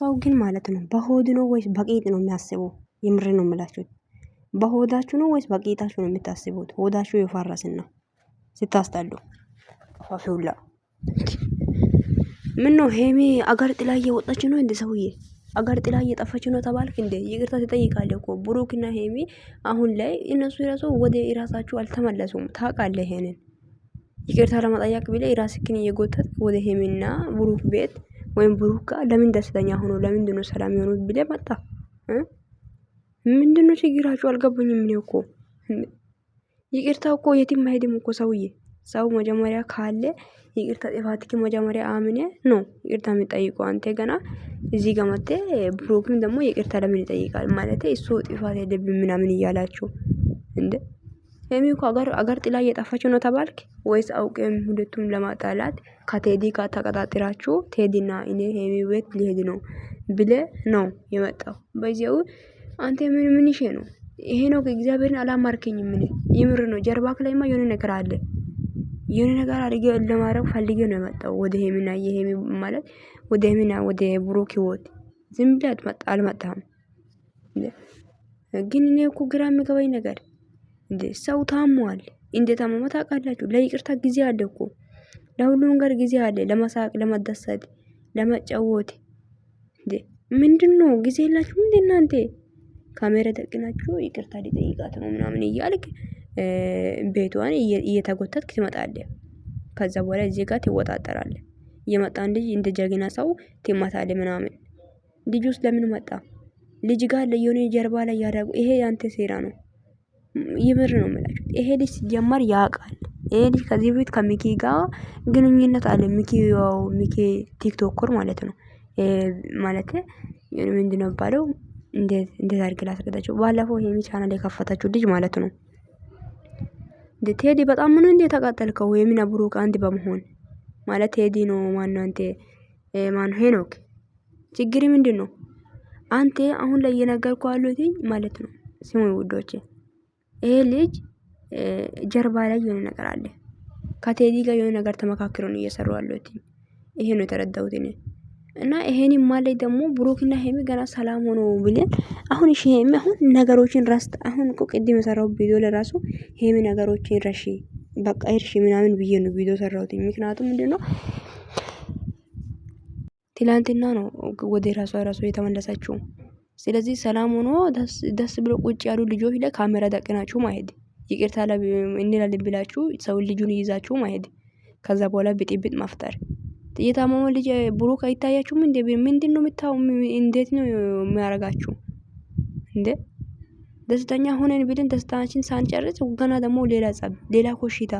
ሰው ግን ማለት ነው በሆድ ነው ወይስ በቂጥ ነው የሚያስበው? የምሬ ነው የምላችሁት። በሆዳችሁ ነው ወይስ በቂጣችሁ ነው የምታስቡት? ሆዳችሁ ነው ስታስጠሉ ፋፊውላ ምን ነው ሄሜ አገር ጥላ እየወጣች ነው እንደ ሰውዬ አገር ጥላ እየጠፋች ነው ተባልክ እንዴ? ይቅርታ ትጠይቃለህ እኮ ብሩክና ሄሜ አሁን ላይ እነሱ የራሱ ወደ ራሳችሁ አልተመለሱም። ታውቃለህ ይሄንን ይቅርታ ለመጠያቅ ብለህ ራስህን እየጎተት ወደ ሄሜና ብሩክ ቤት ወይም ብሩክ ጋር ለምን ደስተኛ ሆኖ ለምንድን ነው ሰላም የሆኑት ብለ መጣ። ምንድን ነው ችግራችሁ? አልገባኝም። ምን እኮ ይቅርታ እኮ የትም አይሄድም እኮ ሰውዬ። ሰው መጀመሪያ ካለ ይቅርታ ጥፋትክ መጀመሪያ አምነ ነው ይቅርታ የምጠይቀው። አንተ ገና እዚህ ጋር መጥተ ብሩክም ደግሞ ይቅርታ ለምን ይጠይቃል ማለት እሱ ጥፋት የለብኝ ምናምን እያላችሁ እንዴ ሄሚ እኮ አገር አገር ጥላ እየጠፋች ነው ተባልክ ወይስ አውቅም? ሁለቱም ለማጣላት ከቴዲ ጋር ተቀጣጥራችሁ ቴዲና እኔ ሄሚ ቤት ሊሄድ ነው ብለ ነው የመጣው። በዚያው አንተ ምን ምን ይሄ ነው ይሄ ነው እግዚአብሔርን አላማርከኝ። ምን ይምር ነው ጀርባክ ላይማ የሆነ ነገር አለ። የሆነ ነገር አድርገ ለማድረግ ፈልገ ነው የመጣው ወደ ሄሚና የሄሚ ማለት ወደ ሄሚና ወደ ብሩክ ህይወት ዝም ብለህ አልመጣም። ግን እኔ እኮ ግራ የሚገባኝ ነገር እንዴ ሰው ታሟል። እንደታመመ ታውቃላችሁ። ለይቅርታ ጊዜ አለ እኮ ለሁሉም ነገር ጊዜ አለ። ለመሳቅ፣ ለመደሰት፣ ለመጫወት እንዴ ምንድን ነው ጊዜ የላችሁ እንዴ እናንተ? ካሜራ ተቅናችሁ ይቅርታ ሊጠይቃት ነው ምናምን እያልክ ቤቷን እየተጎተትክ ትመጣለ ከዛ በኋላ እዚህ ጋር ትወጣጠራለህ። የመጣን ልጅ እንደ ጀግና ሰው ትማታለህ ምናምን። ልጁስ ለምን መጣ? ልጅ ጋር ለየሆነ ጀርባ ላይ ያደረጉ ይሄ ያንተ ሴራ ነው። የምር ነው የምላችሁ። ይሄ ልጅ ሲጀመር ያውቃል። ይሄ ልጅ ከዚህ በፊት ከሚኪ ጋር ግንኙነት አለ። ሚኪ ያው ሚኪ ቲክቶከር ማለት ነው። ማለት ምንድነው የሚባለው? እንዴት አድርግ ላስረዳቸው። ባለፈው ሄሚ ቻናል የከፈተችው ልጅ ማለት ነው። ቴዲ በጣም ምን እንደ ተቃጠልከው? ሄሚና ብሩክ አንድ በመሆን ማለት ቴዲ ነው ማን ነው አንተ ማን ሄኖክ ችግር ምንድን ነው? አንተ አሁን ላይ እየነገርኩ አሉትኝ ማለት ነው። ስሙ ውዶቼ ይሄ ልጅ ጀርባ ላይ የሆነ ነገር አለ። ከቴዲ ጋር የሆነ ነገር ተመካክሮ ነው እየሰሩ ያሉት። ይሄ ነው የተረዳሁት እኔ እና ይሄን ማለይ ደግሞ ብሩክና ሄሚ ገና ሰላም ሆኖ ብለን አሁን እሺ ሄሚ አሁን ነገሮችን ራስ አሁን እኮ ቅድም የሰራው ቪዲዮ ለራሱ ሄሚ ነገሮችን ረሺ በቃ እርሺ ምናምን ብዬ ነው ቪዲዮ ሰራሁት። ምክንያቱም ምንድነው ትላንትና ነው ወደ ራሷ ራሱ የተመለሰችው። ስለዚህ ሰላም ሆኖ ደስ ብሎ ቁጭ ያሉ ልጆች ላይ ካሜራ ደቅናችሁ ማሄድ ይቅርታ እንላለን ብላችሁ ሰውን ልጁን ይይዛችሁ ማሄድ ከዛ በኋላ ብጥብጥ ማፍጠር የታመመ ልጅ ብሩክ አይታያችሁም እንዴ? ምንድን ነው እንዴት ነው የሚያረጋችሁ እንዴ? ደስተኛ ሆነን ብልን ደስታችን ሳንጨርስ ገና ደግሞ ሌላ ጸብ፣ ሌላ ኮሽታ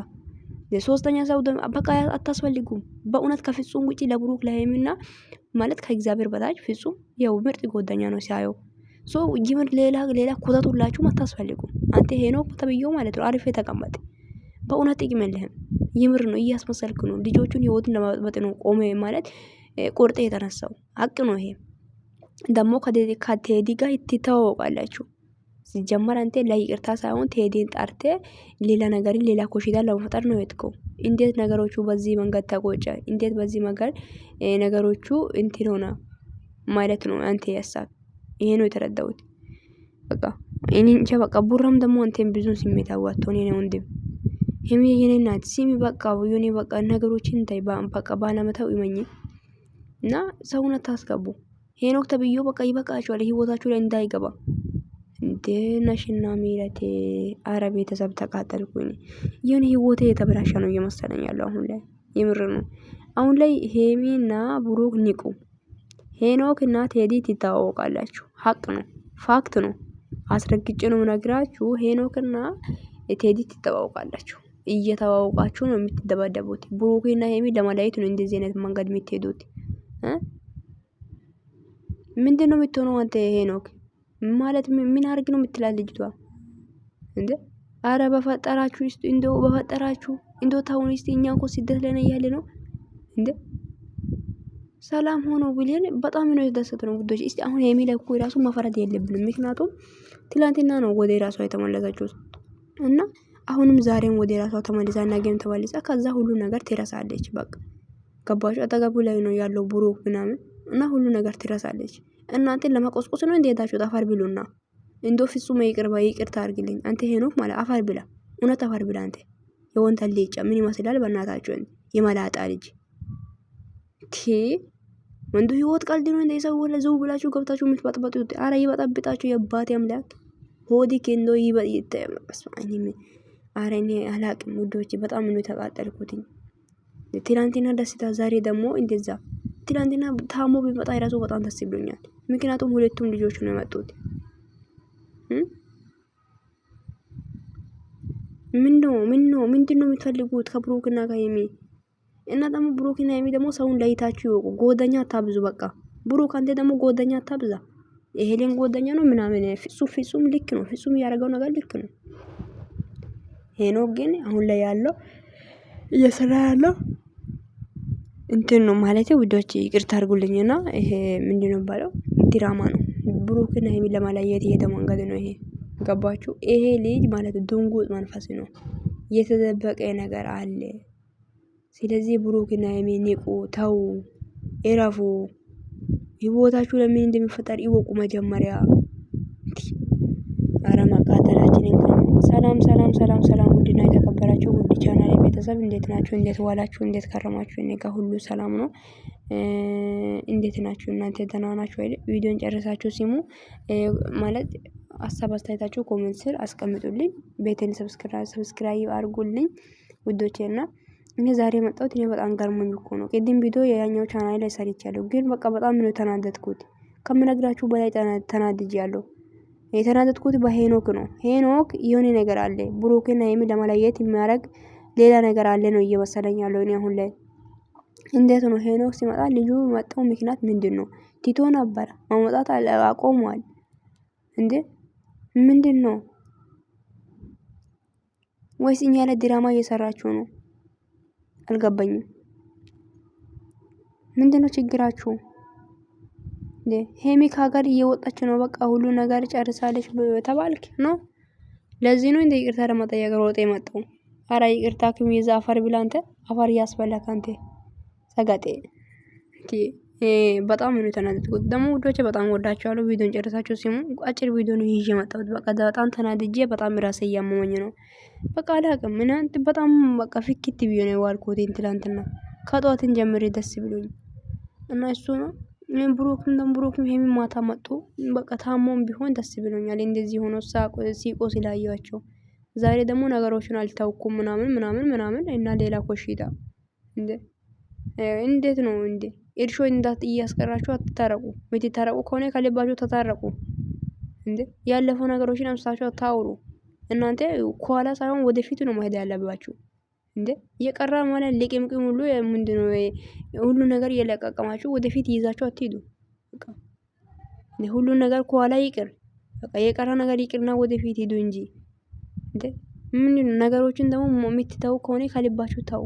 የሶስተኛ ሰው በቃ አታስፈልጉም። በእውነት ከፍጹም ውጪ ለብሩክ ለሀይሚና ማለት ከእግዚአብሔር በታች ፍጹም ያው ምርጥ ጓደኛ ነው ሲያየው ሶ ይምር ሌላ ሌላ ኩተት ሁላችሁም አታስፈልጉም። አንተ ሄኖክ ተብዬው ማለት ነው አሪፍ የተቀመጠ በእውነት ጥቅም የለህም። ይምር ነው እያስመሰልክ ነው። ልጆቹን ህይወትን ለማጥበጥ ነው ቆመ ማለት ቆርጠ የተነሳው አቅ ነው። ይሄ ደግሞ ከቴዲ ጋር ትተዋወቃላችሁ ሲጀመር አንተ ለይቅርታ ሳይሆን ቴዲን ጠርቴ ሌላ ነገር ሌላ ኮሽታ ለመፍጠር ነው የትከው። እንዴት ነገሮቹ በዚህ መንገድ ተቆጨ? እንዴት በዚህ መንገድ ነገሮቹ እንትን ሆነ ማለት ነው። አንተ ያሳብ ይሄ ነው የተረዳሁት። በቃ እኔ እንጃ። በቃ ቡራም ደግሞ አንተን ብዙ ስሜት አዋጥቶኝ ነው ወንድም ሄሚ የኔ ናት ሲሚ በቃ የኔ በቃ ነገሮችን ታይ በቃ ባለመተው ይመኝ እና ሰውነት ታስገቡ ሄኖክ ተብዮ በቃ ይበቃችኋል። ህይወታችሁ ላይ እንዳይገባ ትንሽና ምህረት አረ ቤተሰብ ተቃጠልኩኝ። የሆነ ህይወቴ የተበላሸ ነው እየመሰለኝ ያለው አሁን ላይ የምር ነው። አሁን ላይ ሄሚና ብሩክ ንቁ። እና ቴዲ ትታወቃላችሁ ሀቅ ነው ፋክት ነው። አስረግጬ ነው ነግራችሁ ሄኖክና ቴዲ ትተዋወቃላችሁ እየተዋወቃችሁ ነው የምትደባደቡት። ብሩክና ሄሚ ለመለያየት ነው እንደዚህ አይነት መንገድ የምትሄዱት። ነው የምትሆነው አንተ ሄኖክ? ማለት ምን አርግ ነው የምትላል ልጅቷ እንደ አረ በፈጠራችሁ እስቲ እንደው በፈጠራችሁ እንደው ታሁን እስቲ እኛ እኮ ስደት ላይ ነን ያለ ነው እንደ ሰላም ሆኖ ብለን በጣም ነው የተደሰተ ነው ጉዳዮች። እስቲ አሁን የሚል እኮ ራሱ መፈረድ የለብንም ምክንያቱም ትላንትና ነው ወደ ራሷ የተመለሰችው እና አሁንም ዛሬም ወደ ራሷ ተመልሳ እናገኝ ተመልሳ ከዛ ሁሉ ነገር ትረሳለች። በቃ ገባችሁ? አጠገቡ ላይ ነው ያለው ብሩክ ምናምን እና ሁሉ ነገር ትረሳለች። እናንተን ለመቆስቆስ ነው እንዴ ሄዳችሁት? አፈር ብሉና እንዶ ፍጹም ይቅርባ ይቅርታ አርግልኝ። አንተ ሄኖክ ማለት አፈር ብላ፣ እውነት አፈር ብላ። አንተ የወንተ ልጅ ምን ይመስላል? በእናታችሁ የመላጣ ልጅ ቲ ወንዱ ህይወት ቀልድ ነው እንደ ሰው ወለ ዘው ብላችሁ ገብታችሁ የምትበጥበጡት። አረ ይበጣብጣችሁ የባት ያምላክ ሆዲ ከንዶ ይበጥ ይተመስማኝ። አረ እኔ አላቅም ውዶች፣ በጣም ነው የተቃጠልኩት። ትናንትና ደስታ፣ ዛሬ ደግሞ እንደዛ ትላንትና ታሞ ቢመጣ የራሱ በጣም ደስ ብሎኛል። ምክንያቱም ሁለቱም ልጆች ነው የመጡት። ምን ነው ምን ነው ምንድን ነው የምትፈልጉት ከብሩክና ከሀይሚ? እና ደግሞ ብሩክና ሀይሚ ደግሞ ሰውን ለይታችሁ ይወቁ። ጎደኛ አታብዙ። በቃ ብሩክ አንተ ደግሞ ጎደኛ አታብዛ። የሄሌን ጎደኛ ነው ምናምን ፍጹም ፍጹም ልክ ነው። ፍጹም ያደረገው ነገር ልክ ነው። ይሄ ነው ግን አሁን ላይ ያለው እየሰራ ያለው እንትን ነው ማለት ውዶች ይቅርታ አድርጉልኝና ይሄ ምንድነው ባለው ድራማ ነው። ብሩክና ሀይሚን ለማለያየት እየተመንገድ ነው። ይሄ ገባችሁ? ይሄ ልጅ ማለት ድንጉጥ መንፈስ ነው፣ የተደበቀ ነገር አለ። ስለዚህ ብሩክና ሀይሚ ንቁ፣ ተው፣ እረፉ። ህይወታችሁ ለምን እንደሚፈጠር ይወቁ መጀመሪያ። አረማቃተላችንን ሰላም ሰላም ሰላም ሰላም ውድና የተከበራችሁ ውድ ቻናል ቤተሰብ እንዴት ናችሁ? እንዴት ዋላችሁ? እንዴት ከረማችሁ? እኔ ጋር ሁሉ ሰላም ነው። እንዴት ናችሁ እናንተ? ደህና ናችሁ አይደል? ቪዲዮን ጨርሳችሁ ሲሙ ማለት ሀሳብ አስተያየታችሁ ኮሜንት ስር አስቀምጡልኝ። ቤቴን ሰብስክራይብ አድርጉልኝ ውዶቼ እና እኔ ዛሬ የመጣሁት እኔ በጣም ገርሞኝ እኮ ነው። ቅድም ቪዲዮ የያኛው ቻናል ላይ ሰርቻለሁ፣ ግን በቃ በጣም ነው ተናደድኩት። ከምነግራችሁ በላይ ተናድጅ ያለሁ የተናጠጥኩት በሄኖክ ነው። ሄኖክ የሆነ ነገር አለ ብሩክና ሀይሚ ለመለየት የሚያደርግ ሌላ ነገር አለ ነው እየመሰለኝ ያለው እኔ አሁን ላይ። እንዴት ነው ሄኖክ ሲመጣ ልጁ መጣው ምክንያት ምንድን ነው? ቲቶ ነበር ማመጣት አቆሟል እንዴ? ምንድን ነው? ወይስ እኛ ላይ ድራማ እየሰራችሁ ነው? አልገባኝም። ምንድን ነው ችግራችሁ? ሄሚ ከሀገር እየወጣች ነው፣ በቃ ሁሉ ነገር ጨርሳለች ተባልክ ነው። ለዚህ ነው እንደ ይቅርታ ለመጠየቅ ሮጤ የመጣው። አረ ይቅርታ ከሚዛ አፈር ብላ አፈር እያስበላክ አንተ ሰጋጤ። በጣም ነው የተናደድኩት። ደግሞ ውዶቼ በጣም ወዳቸዋለሁ። ቪዲዮን ጨርሳችሁ ሲሙ አጭር ቪዲዮ ነው ይዤ መጣሁት። በቃ በጣም ተናድጄ በጣም ራሴ እያመመኝ ነው። በቃ አላቅም ምናንት በጣም በቃ ፊክት ቢሆን የዋልኩት ትላንትና ከጠዋትን ጀምሬ ደስ ብሎኝ እና እሱ ነው ብሩክም ደግሞ ብሩክም ሄሚ ማታ መጡ። በቃ ታሞም ቢሆን ደስ ብሎኛል እንደዚህ ሆኖ ሳቆ ሲቆ ስላያቸው። ዛሬ ደግሞ ነገሮችን አልታውኩም ምናምን ምናምን ምናምን እና ሌላ ኮሽታ እንዴት ነው እንዴ? እርሾ እንዳት እያስቀራችሁ አትታረቁ። የምትታረቁ ከሆነ ከልባችሁ ተታረቁ እንዴ! ያለፈው ነገሮችን አምሳችሁ አታውሩ። እናንተ ከኋላ ሳይሆን ወደፊቱ ነው መሄድ ያለባችሁ። እንደ የቀራ ማለት ልቅምቅም ሁሉ ምንድነው? ሁሉ ነገር እየለቃቀማችሁ ወደፊት ይዛችሁ አትሄዱ። ሁሉ ነገር ከኋላ ይቅር። በቃ የቀራ ነገር ይቅርና ወደፊት ሄዱ እንጂ እንደ ምንድነው? ነገሮችን ደግሞ የምትተው ከሆነ ከልባችሁ ተው።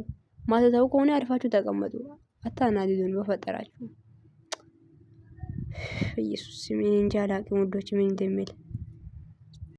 ማትተው ከሆነ አርፋችሁ ተቀመጡ። አታናድዱን በፈጠራችሁ። ኢየሱስ ምን እንጃ አላቅም። ወዶች ምን እንደሚል